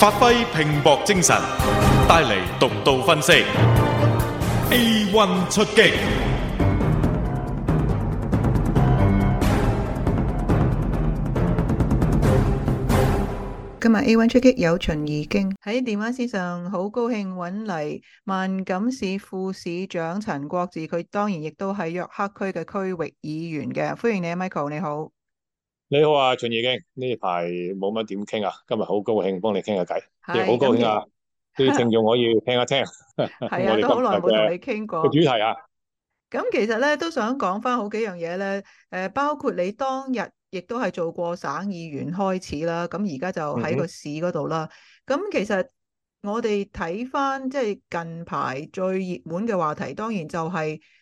發揮拼搏精神，帶嚟獨到分析。A one 出擊，今日 A one 出擊有巡二經喺電話線上，好高興揾嚟萬錦市副市長陳國治，佢當然亦都係約克區嘅區域議員嘅，歡迎你，Michael，你好。你好啊，秦義京。呢排冇乜點傾啊，今日好高興幫你傾下偈，亦好的高興啊，啲聽眾可以聽一聽， 的 我都好耐冇同你傾過。主題啊，咁其實咧都想講翻好幾樣嘢咧，誒，包括你當日亦都係做過省議員開始啦，咁而家就喺個市嗰度啦，咁、嗯、哼其實我哋睇翻即係近排最熱門嘅話題，當然就係、是。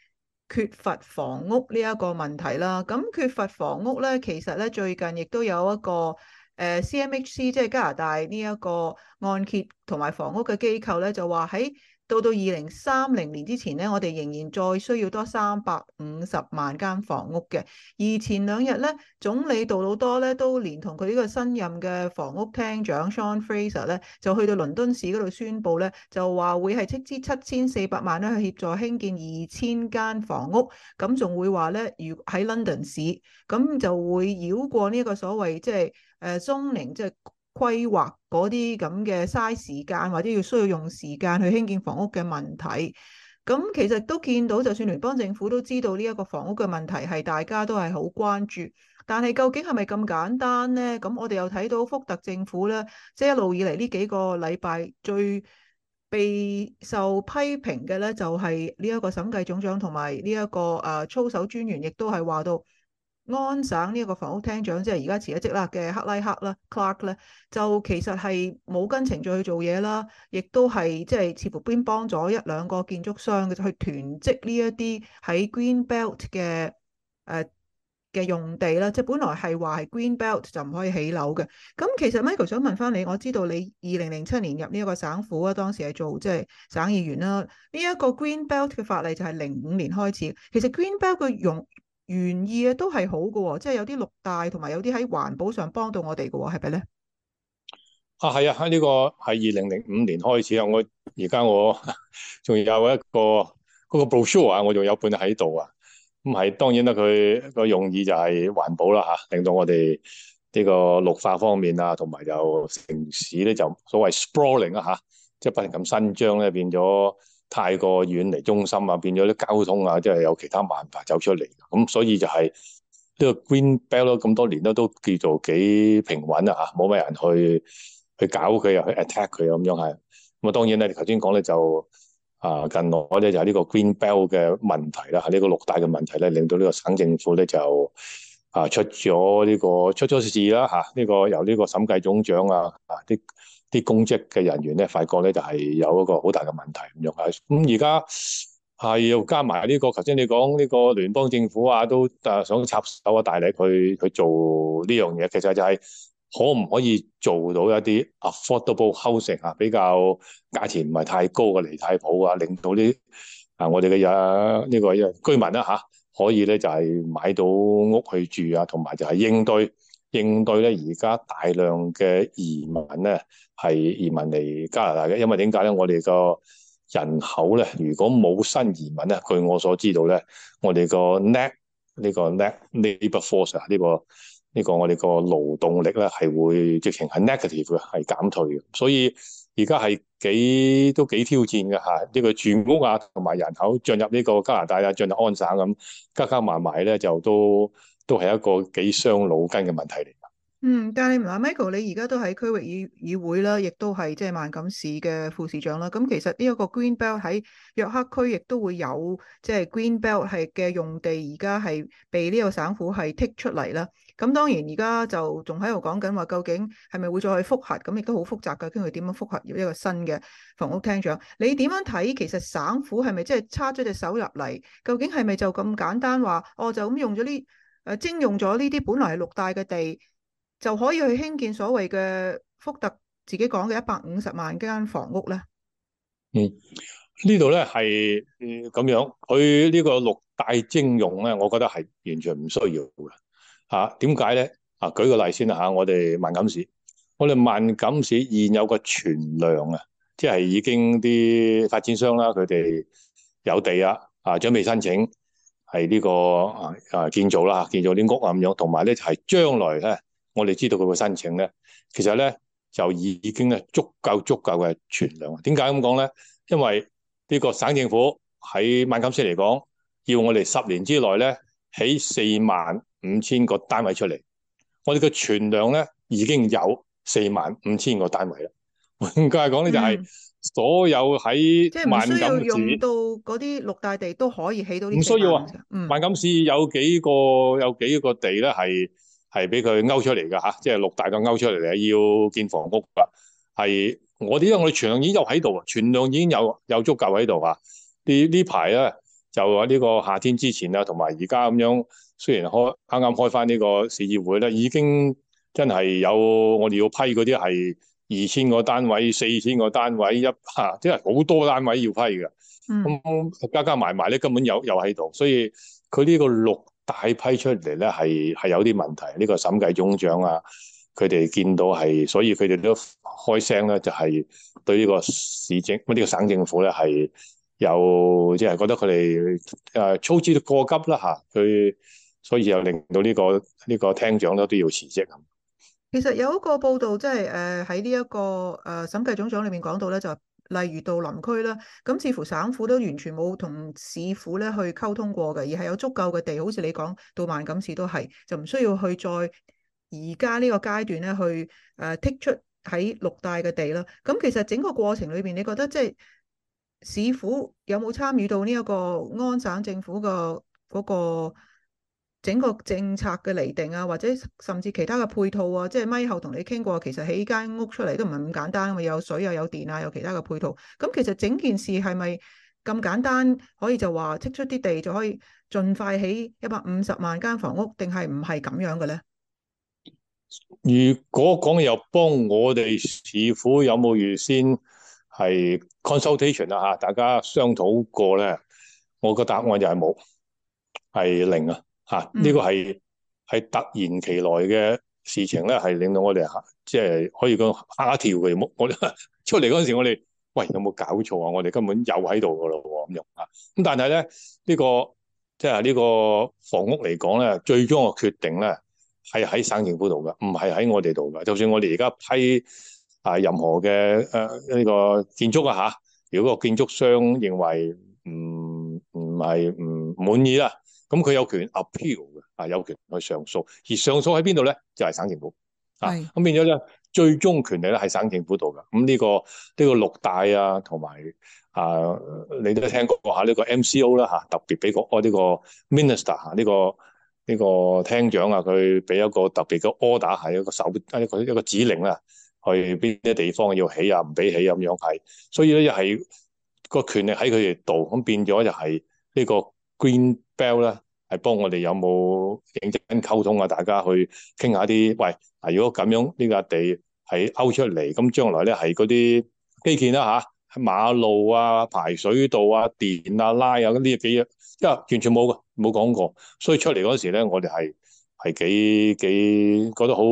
缺乏，缺乏房屋呢一個問題啦，咁缺乏房屋咧，其實咧最近亦都有一個誒、呃、CMHC，即係加拿大呢一個按揭同埋房屋嘅機構咧，就話喺。到到二零三零年之前咧，我哋仍然再需要多三百五十萬間房屋嘅。而前兩日咧，總理杜魯多咧都連同佢呢個新任嘅房屋廳長 Sean Fraser 咧，就去到倫敦市嗰度宣佈咧，就話會係斥資七千四百萬咧去協助興建二千間房屋。咁仲會話咧，如喺 London 市，咁就會繞過呢一個所謂即係誒 zoning 即係。規劃嗰啲咁嘅嘥時間，或者要需要用時間去興建房屋嘅問題，咁其實都見到，就算聯邦政府都知道呢一個房屋嘅問題係大家都係好關注，但係究竟係咪咁簡單呢？咁我哋又睇到福特政府咧，即一路以嚟呢幾個禮拜最備受批評嘅咧，就係呢一個審計總長同埋呢一個啊操守專員，亦都係話到。安省呢一個房屋廳長即係而家辭咗職啦嘅克拉克啦 Clark 咧，就其實係冇跟程序去做嘢啦，亦都係即係似乎邊幫咗一兩個建築商去囤積呢一啲喺 Green Belt 嘅誒嘅用地啦。即係本來係話係 Green Belt 就唔可以起樓嘅。咁其實 Michael 想問翻你，我知道你二零零七年入呢一個省府啊，當時係做即係省議員啦。呢一個 Green Belt 嘅法例就係零五年開始，其實 Green Belt 嘅用原意嘅都係好嘅、哦，即、就、係、是、有啲綠帶，同埋有啲喺環保上幫到我哋嘅、哦，係咪咧？啊，係啊，呢、這個係二零零五年開始、那個、啊，我而家我仲有一個嗰個 brochure 啊，我仲有一本喺度啊，咁係當然啦，佢個用意就係環保啦吓、啊，令到我哋呢個綠化方面啊，同埋就城市咧就所謂 sprawling 啊吓、啊，即係不停咁伸張咧，變咗。太過遠離中心啊，變咗啲交通啊，即係有其他辦法走出嚟。咁所以就係呢個 green belt 咁多年咧，都叫做幾平穩啊，吓冇咩人去去搞佢啊，去 attack 佢咁樣係。咁啊，當然咧，你頭先講咧就啊，近來咧就呢個 green belt 嘅問題啦，吓呢個六大嘅問題咧，令到呢個省政府咧就啊出咗呢個出咗事啦，吓、這、呢個由呢個審計總長啊啊啲。啲公職嘅人員咧，發覺咧就係、是、有一個好大嘅問題咁樣啊。咁而家係要加埋呢、這個，頭先你講呢個聯邦政府啊，都誒想插手啊大力去去做呢樣嘢。其實就係可唔可以做到一啲 affordable housing 啊，比較價錢唔係太高嘅離太譜啊，令到啲啊我哋嘅啊呢個居民啊吓、啊，可以咧就係、是、買到屋去住啊，同埋就係應對。應對咧，而家大量嘅移民咧，係移民嚟加拿大嘅。因為點解咧？我哋個人口咧，如果冇新移民咧，據我所知道咧，我哋個 net 呢個 net labor force 呢個呢個我哋個勞動力咧，係會直情係 negative 嘅，係減退嘅。所以而家係幾都幾挑戰嘅嚇。呢、啊呢個住屋啊，同埋人口進入呢個加拿大啊，進入安省咁，加加埋埋咧就都。都係一個幾傷腦筋嘅問題嚟㗎。嗯，但係你嗱，Michael，你而家都喺區域議議會啦，亦都係即係萬錦市嘅副市長啦。咁其實呢一個 Green Belt 喺約克區，亦都會有即係 Green Belt 係嘅用地，而家係被呢個省府係剔出嚟啦。咁當然而家就仲喺度講緊話，究竟係咪會再去複核？咁亦都好複雜㗎，跟住點樣複核要一個新嘅房屋廳長？你點樣睇？其實省府係咪即係插咗隻手入嚟？究竟係咪就咁簡單話？哦，就咁用咗呢？誒徵用咗呢啲本來係六大嘅地，就可以去興建所謂嘅福特自己講嘅一百五十萬間房屋咧。嗯，呢度咧係咁樣，佢呢個六大徵用咧，我覺得係完全唔需要嘅嚇。點解咧？啊，舉個例先啦嚇，我哋萬錦市，我哋萬錦市現有個存量啊，即係已經啲發展商啦，佢哋有地啊，啊準備申請。係呢個啊啊建造啦，建造啲屋咁樣，同埋咧就係、是、將來咧，我哋知道佢嘅申請咧，其實咧就已經咧足夠足夠嘅存量。點解咁講咧？因為呢個省政府喺萬錦市嚟講，要我哋十年之內咧起四萬五千個單位出嚟。我哋嘅存量咧已經有四萬五千個單位啦。換句話講咧就係、嗯。所有喺萬錦市即係唔需要用到嗰啲綠帶地都可以起到。唔需要啊，嗯、萬錦市有幾個有幾個地咧，係係俾佢勾出嚟嘅吓，即係綠帶個勾出嚟嘅要建房屋噶。係我哋因為我哋全量已經有喺度啊，存量已經有有足夠喺度啊。呢呢排咧就喺呢個夏天之前啊，同埋而家咁樣，雖然開啱啱開翻呢個市議會咧，已經真係有我哋要批嗰啲係。二千個單位，四千個單位，一吓即係好多單位要批嘅。咁、嗯、加加埋埋咧，根本有有喺度，所以佢呢個六大批出嚟咧，係係有啲問題。呢、這個審計總長啊，佢哋見到係，所以佢哋都開聲咧，就係、是、對呢個市政呢、這個省政府咧係有即係、就是、覺得佢哋誒操之過急啦吓佢，所以又令到、這個這個、呢個呢個廳長咧都要辭職咁。其實有一個報道，即係誒喺呢一個誒審計總長裏面講到咧，就例如到林區啦，咁似乎省府都完全冇同市府咧去溝通過嘅，而係有足夠嘅地，好似你講到萬錦市都係，就唔需要去再而家呢個階段咧去誒剔出喺綠帶嘅地啦。咁其實整個過程裏邊，你覺得即係市府有冇參與到呢一個安省政府個嗰個？整個政策嘅釐定啊，或者甚至其他嘅配套啊，即係咪後同你傾過？其實起間屋出嚟都唔係咁簡單，咪有水又有電啊，有其他嘅配套。咁其實整件事係咪咁簡單？可以就話剔出啲地就可以盡快起一百五十萬間房屋，定係唔係咁樣嘅咧？如果講又幫我哋，市府有冇預先係 consultation 啊？嚇，大家商討過咧？我個答案就係冇，係零啊。啊！呢、呢個係係突然其來嘅事情咧，係令到我哋吓、啊，即係可以講吓一跳嘅。我、啊、出我出嚟嗰陣時，我哋喂，有冇搞錯啊？我哋根本有喺度噶咯咁樣啊！咁但係咧呢、呢個即係呢個房屋嚟講咧，最終嘅決定咧係喺省政府度噶，唔係喺我哋度噶。就算我哋而家批啊，任何嘅誒呢個建築啊吓，如果個建築商認為唔唔係唔滿意啦。咁佢有權 appeal 嘅啊，有權去上訴，而上訴喺邊度咧？就係、是、省政府是啊。咁變咗就最終權力咧，係省政府度嘅。咁、嗯、呢、這個呢、這個六大啊，同埋啊，你都聽過下呢、這個 MCO 啦、啊、嚇，特別俾、這個呢、啊這個 minister 嚇、啊、呢、這個呢、這個廳長啊，佢俾一個特別嘅 order 係一個手一個一個指令啊，去邊啲地方要起啊，唔俾起咁樣係。所以咧，又係個權力喺佢哋度，咁變咗就係呢、這個。Greenbelt 咧，係幫我哋有冇認真溝通啊？大家去傾下啲喂，嗱，如果咁樣呢個地喺勾出嚟，咁將來咧係嗰啲基建啦嚇，馬路啊、排水道啊、電啊、拉啊，呢幾樣，因為完全冇嘅冇講過，所以出嚟嗰時咧，我哋係係幾幾覺得好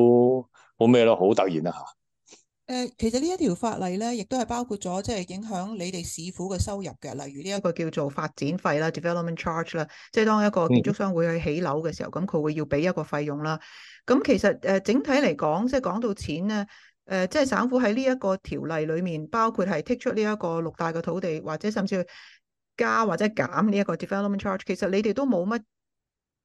好咩咯，好突然啊嚇！誒，其實呢一條法例咧，亦都係包括咗即係影響你哋市府嘅收入嘅，例如呢、這、一、個、個叫做發展費啦，development charge 啦，即係當一個建築商會去起樓嘅時候，咁佢會要俾一個費用啦。咁其實誒、呃、整體嚟講，即係講到錢咧，誒、呃，即係省府喺呢一個條例裏面，包括係剔出呢一個綠帶嘅土地，或者甚至加或者減呢一個 development charge，其實你哋都冇乜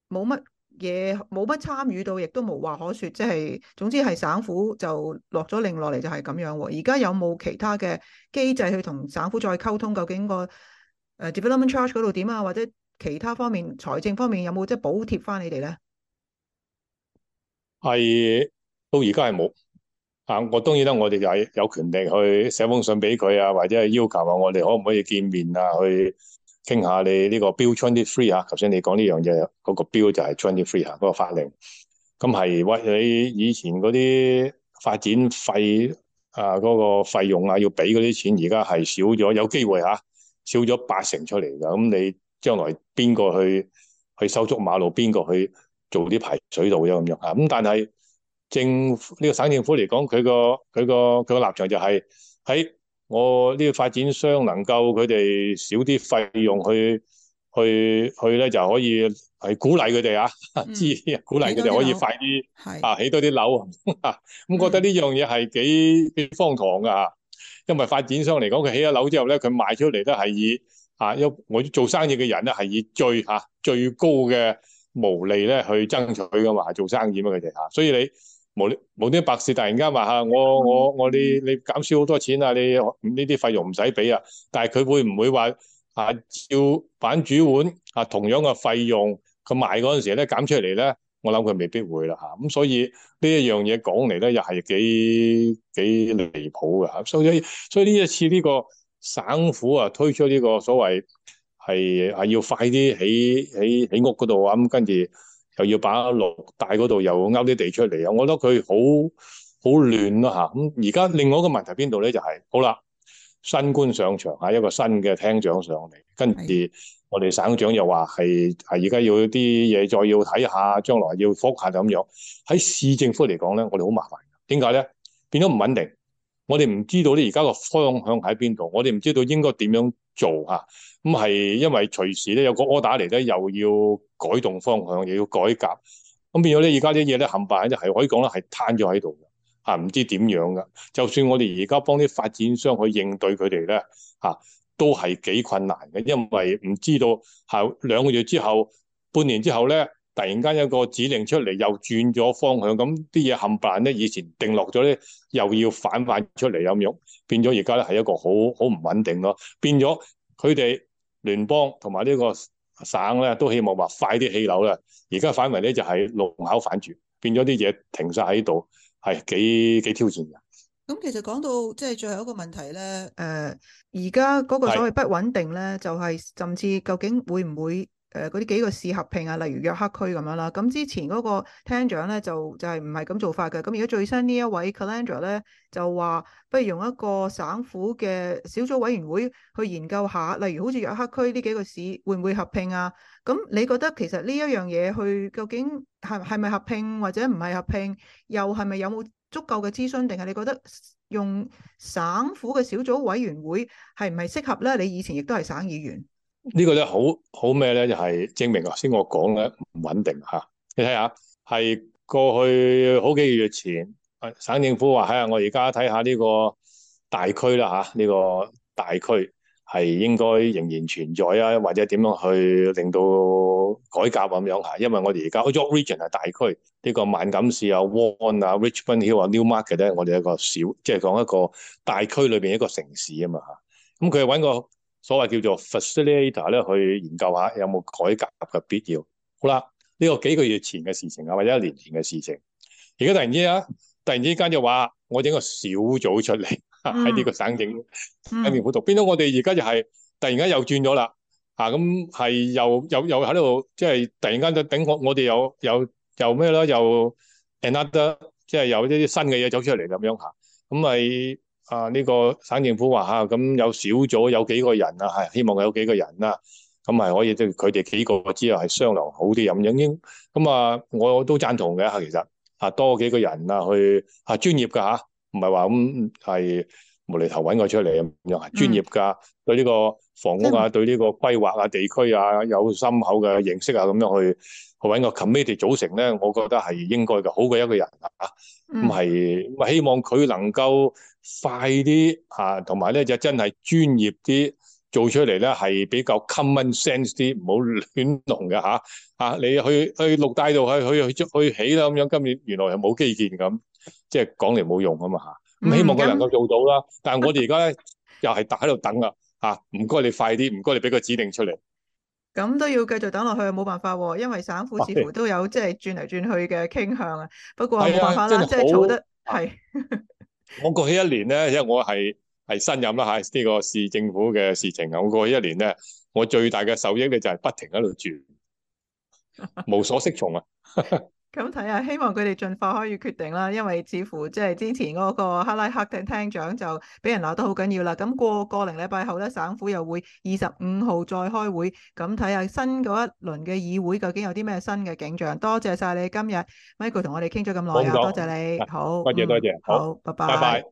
冇乜嘢冇乜參與到，亦都冇話可説，即係總之係省府就落咗令落嚟，就係咁樣喎。而家有冇其他嘅機制去同省府再溝通？究竟個誒 development charge 嗰度點啊？或者其他方面財政方面有冇即係補貼翻你哋咧？係到而家係冇啊！我當然啦，我哋就係有權力去寫封信俾佢啊，或者係要求話我哋可唔可以見面啊？去傾下你呢個 Bill Twenty Three 吓，頭先你講呢樣嘢，嗰、那個 Bill 就係 Twenty Three 吓，嗰、那個法令，咁係屈你以前嗰啲發展費啊，嗰、那個費用啊，要俾嗰啲錢，而家係少咗，有機會吓、啊，少咗八成出嚟㗎，咁你將來邊個去去修足馬路，邊個去做啲排水道咁樣吓，咁但係政府呢、這個省政府嚟講，佢個佢個佢個立場就係喺。我呢個發展商能夠佢哋少啲費用去去去咧，就可以係鼓勵佢哋啊，之、嗯、 鼓勵佢哋可以快啲、嗯、啊的起多啲樓啊，咁、 嗯、覺得呢樣嘢係幾荒唐噶嚇，因為發展商嚟講，佢起咗樓之後咧，佢賣出嚟都係以啊，因我做生意嘅人咧係以最嚇、啊、最高嘅毛利咧去爭取噶嘛，做生意嘛，啊，佢哋嚇，所以你，啊冇冇啲白事，突然間話嚇、啊、我我我你你減少好多錢用用會會啊！你呢啲費用唔使俾啊！但係佢會唔會話嚇照板煮碗嚇同樣嘅費用，佢賣嗰陣時咧減出嚟咧，我諗佢未必會啦嚇。咁、啊、所以呢一樣嘢講嚟咧，又係幾幾離譜㗎嚇、啊。所以所以呢一次呢個省府啊推出呢個所謂係係要快啲起起起屋嗰度啊咁跟住。又要把綠帶嗰度又勾啲地出嚟啊！我覺得佢好好亂咯、啊、嚇。咁而家另外一個問題邊度咧？就係、是、好啦，新官上場啊，一個新嘅廳長上嚟，跟住我哋省長又話係係而家要啲嘢再要睇下，將來要複下。咁、就是、樣。喺市政府嚟講咧，我哋好麻煩。點解咧？變咗唔穩定。我哋唔知道咧，而家個方向喺邊度？我哋唔知道應該點樣做嚇，咁係因為隨時咧有個柯打打嚟咧，又要改動方向，又要改革。咁變咗咧，而家啲嘢咧，冚唪唥就係可以講咧，係攤咗喺度嘅嚇，唔知點樣嘅。就算我哋而家幫啲發展商去應對佢哋咧嚇，都係幾困難嘅，因為唔知道係兩個月之後、半年之後咧。突然間有個指令出嚟，又轉咗方向，咁啲嘢冚唪唥咧，以前定落咗咧，又要反返出嚟有冇？變咗而家咧係一個好好唔穩定咯。變咗佢哋聯邦同埋呢個省咧，都希望話快啲起樓啦。而家反為咧就係路口反轉，變咗啲嘢停晒喺度，係幾幾挑戰嘅。咁其實講到即係最後一個問題咧，誒，而家嗰個所謂不穩定咧，是就係甚至究竟會唔會？誒嗰啲幾個市合併啊，例如約克區咁樣啦。咁之前嗰個廳長咧就就係唔係咁做法嘅。咁而家最新呢一位 Calandra 咧就話，不如用一個省府嘅小組委員會去研究下，例如好似約克區呢幾個市會唔會合併啊？咁你覺得其實呢一樣嘢去究竟係係咪合併或者唔係合併，又係咪有冇足夠嘅諮詢，定係你覺得用省府嘅小組委員會係唔係適合咧？你以前亦都係省議員。個呢個咧好好咩咧？就係證明頭先我講咧唔穩定吓、啊。你睇下，係過去好幾個月前、啊，省政府話：，下、啊、我而家睇下呢個大區啦吓，呢、啊這個大區係應該仍然存在啊，或者點樣去令到改革咁樣吓。因為我哋而家 York Region 係大區，呢、這個萬錦市啊、Vaughan 啊、Richmond Hill 啊、Newmarket 咧，我哋一個小，即係講一個大區裏邊一個城市嘛啊嘛吓。咁佢揾個。所謂叫做 facilitator 咧，去研究下有冇改革嘅必要。好啦，呢個幾個月前嘅事情啊，或者一年前嘅事情，而家突然之間，突然之間就話我整個小組出嚟喺呢個省境喺、mm hmm. 面度，變到我哋而家就係突然間又轉咗啦，啊咁係又又又喺度，即係突然間就頂我有，哋又又又咩啦，又 another，即係有啲啲新嘅嘢走出嚟咁樣嚇，咁咪。啊！呢、這個省政府話嚇，咁、啊、有少咗有幾個人啊，係希望有幾個人啊，咁係可以即佢哋幾個之後係商量好啲咁樣應，咁啊我都贊同嘅嚇、啊，其實啊多幾個人啊去啊專業嘅嚇，唔係話咁係無厘頭搵我出嚟咁樣啊，專業㗎對呢個，嗯房屋啊，對呢個規劃啊、地區啊有深厚嘅認識啊，咁樣去去揾個 committee 組成咧，我覺得係應該嘅，好過一個人啊，咁、啊、係、嗯、希望佢能夠快啲吓，同埋咧就真係專業啲做出嚟咧，係比較 common sense 啲，唔好亂弄嘅吓啊！你去去綠帶度去去去去起啦，咁樣今年原來係冇基建咁，即係講嚟冇用嘛啊嘛吓，咁、啊嗯、希望佢能夠做到啦。但係我哋而家咧又係喺度等啊。吓，唔該、啊、你快啲，唔該你俾個指定出嚟，咁都要繼續等落去，冇辦法、啊，因為省府似乎都有即係轉嚟轉去嘅傾向啊。不過冇辦法啦、啊，的即係做得係。我過去一年咧，因為我係係新任啦吓，呢個市政府嘅事情啊，我過去一年咧，我最大嘅受益咧就係不停喺度轉，無所適從啊。 咁睇下，希望佢哋盡快可以決定啦。因為似乎即係之前嗰個克拉克廳廳長就俾人鬧得好緊要啦。咁過個零禮拜後咧，省府又會二十五號再開會。咁睇下新嗰一輪嘅議會究竟有啲咩新嘅景象。多謝晒你今日 Michael 同我哋傾咗咁耐啊，多謝你。好，多謝，多謝。好，好拜拜。拜拜。